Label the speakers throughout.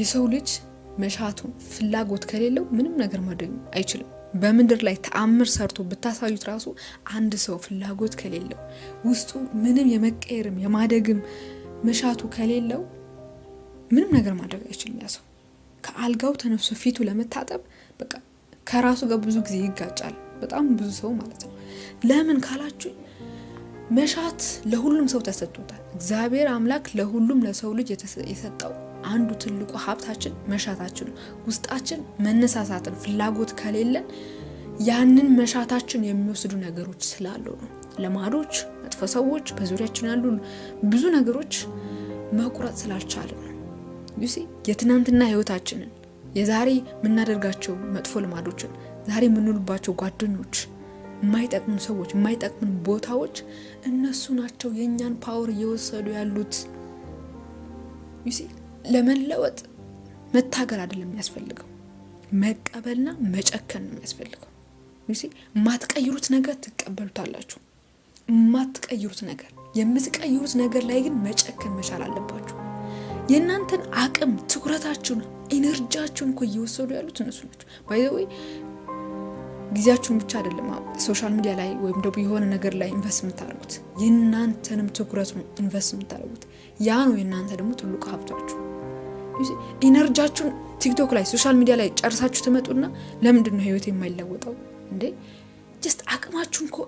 Speaker 1: የሰው ልጅ መሻቱ ፍላጎት ከሌለው ምንም ነገር ማድረግ አይችልም። በምድር ላይ ተአምር ሰርቶ ብታሳዩት ራሱ አንድ ሰው ፍላጎት ከሌለው ውስጡ ምንም የመቀየርም የማደግም መሻቱ ከሌለው ምንም ነገር ማድረግ አይችልም። ያ ሰው ከአልጋው ተነፍሶ ፊቱ ለመታጠብ በቃ ከራሱ ጋር ብዙ ጊዜ ይጋጫል። በጣም ብዙ ሰው ማለት ነው። ለምን ካላችሁ መሻት ለሁሉም ሰው ተሰጥቶታል። እግዚአብሔር አምላክ ለሁሉም ለሰው ልጅ የሰጠው አንዱ ትልቁ ሀብታችን መሻታችን ነው። ውስጣችን መነሳሳትን ፍላጎት ከሌለን ያንን መሻታችን የሚወስዱ ነገሮች ስላሉ ነው። ልማዶች፣ መጥፎ ሰዎች፣ በዙሪያችን ያሉ ብዙ ነገሮች መቁረጥ ስላልቻልን ነው። ዩሲ የትናንትና ህይወታችንን የዛሬ የምናደርጋቸው መጥፎ ልማዶችን፣ ዛሬ የምንውልባቸው ጓደኞች፣ የማይጠቅሙ ሰዎች፣ የማይጠቅሙን ቦታዎች እነሱ ናቸው የእኛን ፓወር እየወሰዱ ያሉት ዩሲ ለመለወጥ መታገል አይደለም የሚያስፈልገው፣ መቀበልና መጨከን ነው የሚያስፈልገው። ማትቀይሩት ነገር ትቀበሉታላችሁ። የማትቀይሩት ነገር የምትቀይሩት ነገር ላይ ግን መጨከን መቻል አለባችሁ። የእናንተን አቅም፣ ትኩረታችሁን፣ ኢነርጂያችሁን እኮ እየወሰዱ ያሉት እነሱ ናቸው። ወይ ጊዜያችሁን ብቻ አይደለም ሶሻል ሚዲያ ላይ ወይም ደግሞ የሆነ ነገር ላይ ኢንቨስት የምታደርጉት የእናንተንም ትኩረት ኢንቨስት የምታደርጉት ያ ነው የእናንተ ደግሞ ትልቁ ሀብታችሁ። ኢነርጃችሁን ቲክቶክ ላይ ሶሻል ሚዲያ ላይ ጨርሳችሁ ትመጡና ለምንድን ነው ህይወት የማይለወጠው እንዴ? ጀስት አቅማችሁን እኮ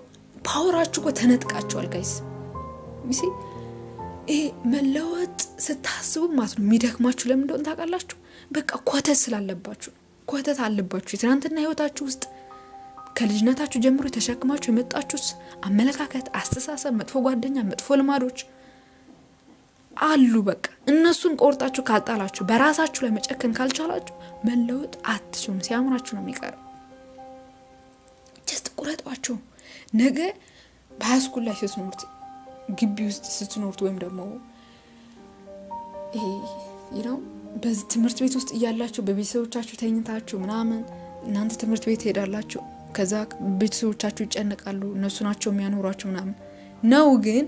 Speaker 1: ፓወራችሁ እኮ ተነጥቃችኋል ጋይስ። ይሄ መለወጥ ስታስቡ ማለት ነው የሚደክማችሁ ለምን እንደሆነ ታውቃላችሁ? በቃ ኮተት ስላለባችሁ ነው። ኮተት አለባችሁ። የትናንትና ህይወታችሁ ውስጥ ከልጅነታችሁ ጀምሮ የተሸክማችሁ የመጣችሁ አመለካከት፣ አስተሳሰብ፣ መጥፎ ጓደኛ፣ መጥፎ ልማዶች አሉ። በቃ እነሱን ቆርጣችሁ ካልጣላችሁ፣ በራሳችሁ ላይ መጨከን ካልቻላችሁ መለወጥ አትችሉም። ሲያምራችሁ ነው የሚቀረው። ጀስት ቁረጧቸው። ነገ በሃይስኩል ላይ ስትኖርት ግቢ ውስጥ ስትኖርት ወይም ደግሞ ይነው በዚህ ትምህርት ቤት ውስጥ እያላችሁ በቤተሰቦቻችሁ ተኝታችሁ ምናምን እናንተ ትምህርት ቤት ትሄዳላችሁ። ከዛ ቤተሰቦቻችሁ ይጨነቃሉ። እነሱ ናቸው የሚያኖሯቸው ምናምን ነው ግን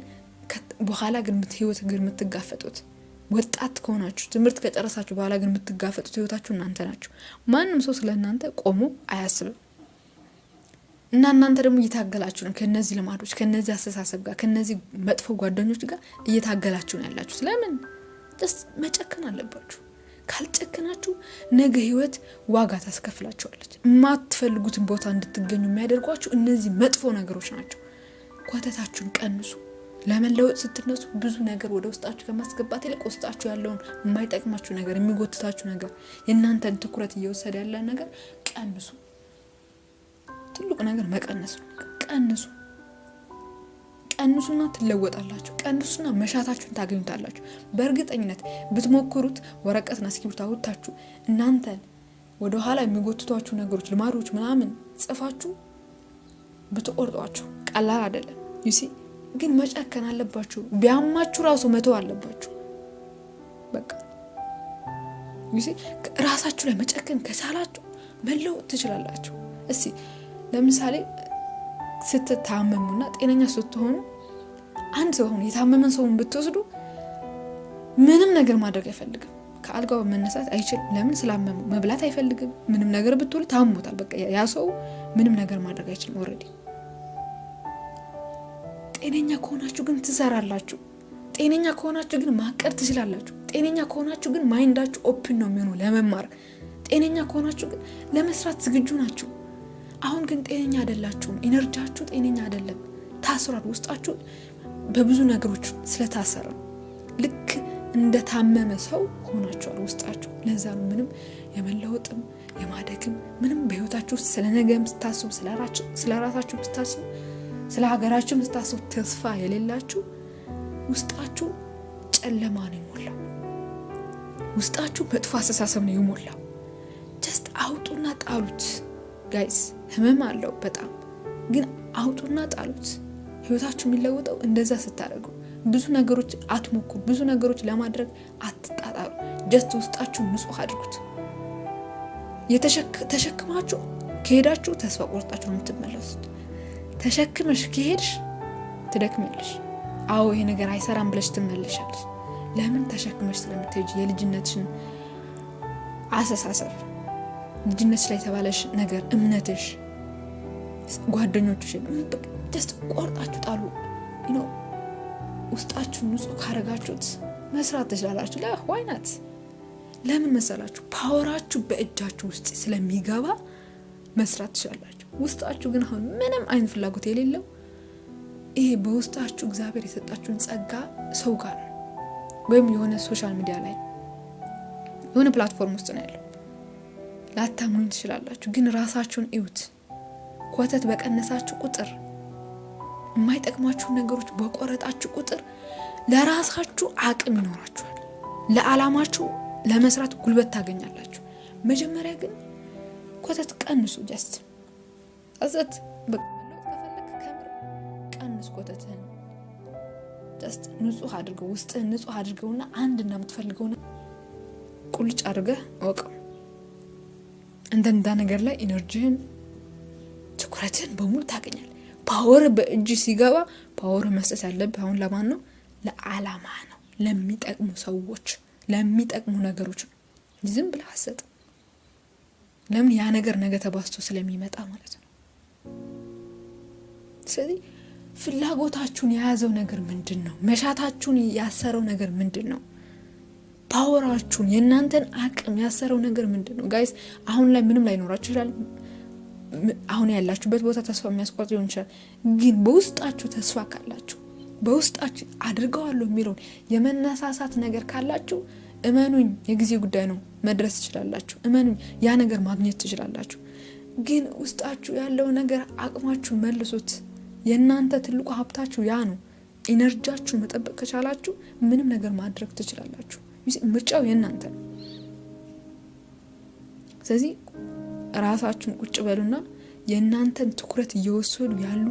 Speaker 1: በኋላ ግን ህይወት ግን የምትጋፈጡት ወጣት ከሆናችሁ ትምህርት ከጨረሳችሁ በኋላ ግን የምትጋፈጡት ህይወታችሁ እናንተ ናችሁ። ማንም ሰው ስለ እናንተ ቆሞ አያስብም። እና እናንተ ደግሞ እየታገላችሁ ነው ከነዚህ ልማዶች፣ ከነዚህ አስተሳሰብ ጋር፣ ከነዚህ መጥፎ ጓደኞች ጋር እየታገላችሁ ነው ያላችሁት። ለምን ስ መጨከን አለባችሁ። ካልጨከናችሁ ነገ ህይወት ዋጋ ታስከፍላችኋለች። የማትፈልጉትን ቦታ እንድትገኙ የሚያደርጓችሁ እነዚህ መጥፎ ነገሮች ናቸው። ኮተታችሁን ቀንሱ። ለመለወጥ ስትነሱ ብዙ ነገር ወደ ውስጣችሁ ከማስገባት ይልቅ ውስጣችሁ ያለውን የማይጠቅማችሁ ነገር፣ የሚጎትታችሁ ነገር፣ የእናንተን ትኩረት እየወሰደ ያለ ነገር ቀንሱ። ትልቁ ነገር መቀነስ ነው። ቀንሱ ቀንሱና ትለወጣላችሁ። ቀንሱና መሻታችሁን ታገኙታላችሁ። በእርግጠኝነት ብትሞክሩት ወረቀትና እስክሪብቶ አውጥታችሁ እናንተን ወደኋላ የሚጎትቷችሁ ነገሮች፣ ልማዶች ምናምን ጽፋችሁ ብትቆርጧችሁ ቀላል አይደለም ዩሲ ግን መጨከን አለባችሁ። ቢያማችሁ ራሱ መተው አለባችሁ። በቃ ራሳችሁ ላይ መጨከን ከቻላችሁ መለወጥ ትችላላችሁ። እስቲ ለምሳሌ ስትታመሙና ጤነኛ ስትሆኑ አንድ ሰው አሁን የታመመን ሰውን ብትወስዱ ምንም ነገር ማድረግ አይፈልግም። ከአልጋው መነሳት አይችልም። ለምን ስላመመው። መብላት አይፈልግም። ምንም ነገር ብትውል ታሞታል። በቃ ያ ሰው ምንም ነገር ማድረግ አይችልም ኦልሬዲ ጤነኛ ከሆናችሁ ግን ትሰራላችሁ። ጤነኛ ከሆናችሁ ግን ማቀድ ትችላላችሁ። ጤነኛ ከሆናችሁ ግን ማይንዳችሁ ኦፕን ነው የሚሆኑ ለመማር። ጤነኛ ከሆናችሁ ግን ለመስራት ዝግጁ ናችሁ። አሁን ግን ጤነኛ አይደላችሁም። ኢነርጂያችሁ ጤነኛ አይደለም፣ ታስሯል። ውስጣችሁ በብዙ ነገሮች ስለታሰረ ልክ እንደታመመ ሰው ሆናችኋል ውስጣችሁ። ለዛ ነው ምንም የመለወጥም የማደግም ምንም በህይወታችሁ ውስጥ ስለነገም ስታስቡ ስለራሳችሁ ስታስቡ ስለ ሀገራችሁ ምስታስቡ ተስፋ የሌላችሁ ውስጣችሁ ጨለማ ነው የሞላው። ውስጣችሁ መጥፎ አስተሳሰብ ነው የሞላው። ጀስት አውጡና ጣሉት ጋይስ። ህመም አለው በጣም ግን አውጡና ጣሉት። ህይወታችሁ የሚለወጠው እንደዛ ስታደርጉ። ብዙ ነገሮች አትሞክሩ፣ ብዙ ነገሮች ለማድረግ አትጣጣሩ። ጀስት ውስጣችሁ ንጹህ አድርጉት። ተሸክማችሁ ከሄዳችሁ ተስፋ ቆርጣችሁ ነው የምትመለሱት። ተሸክመሽ ከሄድሽ ትደክመልሽ አዎ ይሄ ነገር አይሰራም ብለሽ ትመልሻለሽ። ለምን ተሸክመሽ ስለምትሄጂ የልጅነትሽን አስተሳሰብ ልጅነት ላይ የተባለሽ ነገር እምነትሽ፣ ጓደኞችሽ ደስ ቆርጣችሁ ጣሉ። ውስጣችሁን ንጹህ ካረጋችሁት መስራት ትችላላችሁ። ለዋይናት ለምን መሰላችሁ? ፓወራችሁ በእጃችሁ ውስጥ ስለሚገባ መስራት ትችላላችሁ። ውስጣችሁ ግን አሁን ምንም አይነት ፍላጎት የሌለው ይሄ በውስጣችሁ እግዚአብሔር የሰጣችሁን ጸጋ ሰው ጋር ወይም የሆነ ሶሻል ሚዲያ ላይ የሆነ ፕላትፎርም ውስጥ ነው ያለው። ላታምኑኝ ትችላላችሁ፣ ግን ራሳችሁን እዩት። ኮተት በቀነሳችሁ ቁጥር፣ የማይጠቅማችሁ ነገሮች በቆረጣችሁ ቁጥር ለራሳችሁ አቅም ይኖራችኋል። ለዓላማችሁ ለመስራት ጉልበት ታገኛላችሁ። መጀመሪያ ግን ኮተት ቀንሱ። ጀስት አዘት በቀመለጥ ከፈለክ ከምር ቀንስ ኮተትህን። ጀስት ንጹህ አድርገው ውስጥህን ንጹህ አድርገውና አንድና የምትፈልገውን ቁልጭ አድርገህ እወቀው። እንደንዳ ነገር ላይ ኢነርጂህን ትኩረትህን በሙሉ ታገኛል። ፓወር በእጅ ሲገባ ፓወር መስጠት ያለብህ አሁን ለማን ነው? ለዓላማ ነው። ለሚጠቅሙ ሰዎች፣ ለሚጠቅሙ ነገሮች ዝም ብለህ አትሰጥም። ለምን ያ ነገር ነገ ተባስቶ ስለሚመጣ ማለት ነው። ስለዚህ ፍላጎታችሁን የያዘው ነገር ምንድን ነው? መሻታችሁን ያሰረው ነገር ምንድን ነው? ፓወራችሁን የእናንተን አቅም ያሰረው ነገር ምንድን ነው? ጋይስ አሁን ላይ ምንም ላይኖራችሁ ይችላል። አሁን ያላችሁበት ቦታ ተስፋ የሚያስቆርጥ ሊሆን ይችላል። ግን በውስጣችሁ ተስፋ ካላችሁ፣ በውስጣችሁ አድርገዋለሁ የሚለውን የመነሳሳት ነገር ካላችሁ እመኑኝ፣ የጊዜ ጉዳይ ነው። መድረስ ትችላላችሁ። እመኑኝ፣ ያ ነገር ማግኘት ትችላላችሁ። ግን ውስጣችሁ ያለው ነገር አቅማችሁ መልሶት። የእናንተ ትልቁ ሀብታችሁ ያ ነው። ኢነርጃችሁ መጠበቅ ከቻላችሁ ምንም ነገር ማድረግ ትችላላችሁ። ምርጫው የእናንተ ነው። ስለዚህ ራሳችሁን ቁጭ በሉና የእናንተን ትኩረት እየወሰዱ ያሉ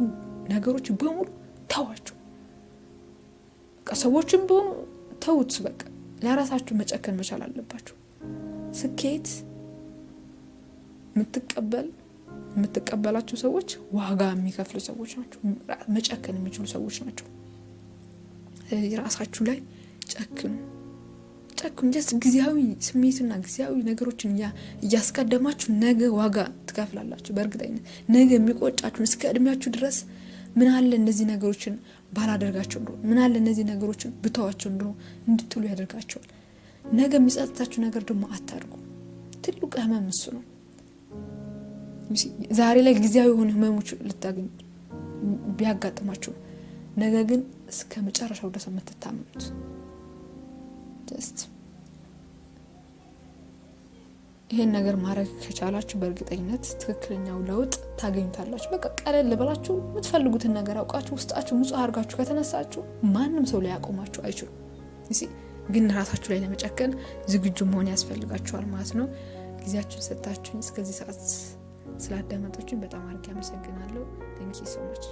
Speaker 1: ነገሮች በሙሉ ተዋቸው። ሰዎችም በሆኑ ተውት በቃ ለራሳችሁ መጨከን መቻል አለባችሁ። ስኬት የምትቀበል የምትቀበላቸው ሰዎች ዋጋ የሚከፍሉ ሰዎች ናቸው። መጨከን የሚችሉ ሰዎች ናቸው። ራሳችሁ ላይ ጨክኑ ጨክኑ። ጀስት ጊዜያዊ ስሜትና ጊዜያዊ ነገሮችን እያስቀደማችሁ ነገ ዋጋ ትከፍላላችሁ በእርግጠኝነት። ነገ የሚቆጫችሁን እስከ እድሜያችሁ ድረስ ምን አለ እነዚህ ነገሮችን ባላደርጋቸው ምን ምናለ እነዚህ ነገሮችን ብተዋቸው እንደሆ እንድትሉ ያደርጋቸዋል። ነገ የሚጸጥታችሁ ነገር ደግሞ አታድርጉ። ትልቁ ህመም እሱ ነው። ዛሬ ላይ ጊዜያዊ የሆኑ ህመሞች ልታገኙ ቢያጋጥማችሁ ነገ ግን እስከ መጨረሻው ድረስ የምትታመሙት ይሄን ነገር ማድረግ ከቻላችሁ በእርግጠኝነት ትክክለኛው ለውጥ ታገኙታላችሁ። በቃ ቀለል ብላችሁ የምትፈልጉትን ነገር አውቃችሁ ውስጣችሁ ንጹህ አድርጋችሁ ከተነሳችሁ ማንም ሰው ሊያቆማችሁ ያቆማችሁ አይችሉም። ግን ራሳችሁ ላይ ለመጨከን ዝግጁ መሆን ያስፈልጋችኋል ማለት ነው። ጊዜያችሁን ሰጥታችሁኝ እስከዚህ ሰዓት ስላዳመጣችሁኝ በጣም አድርጌ አመሰግናለሁ። ተንኪ ሶ ማች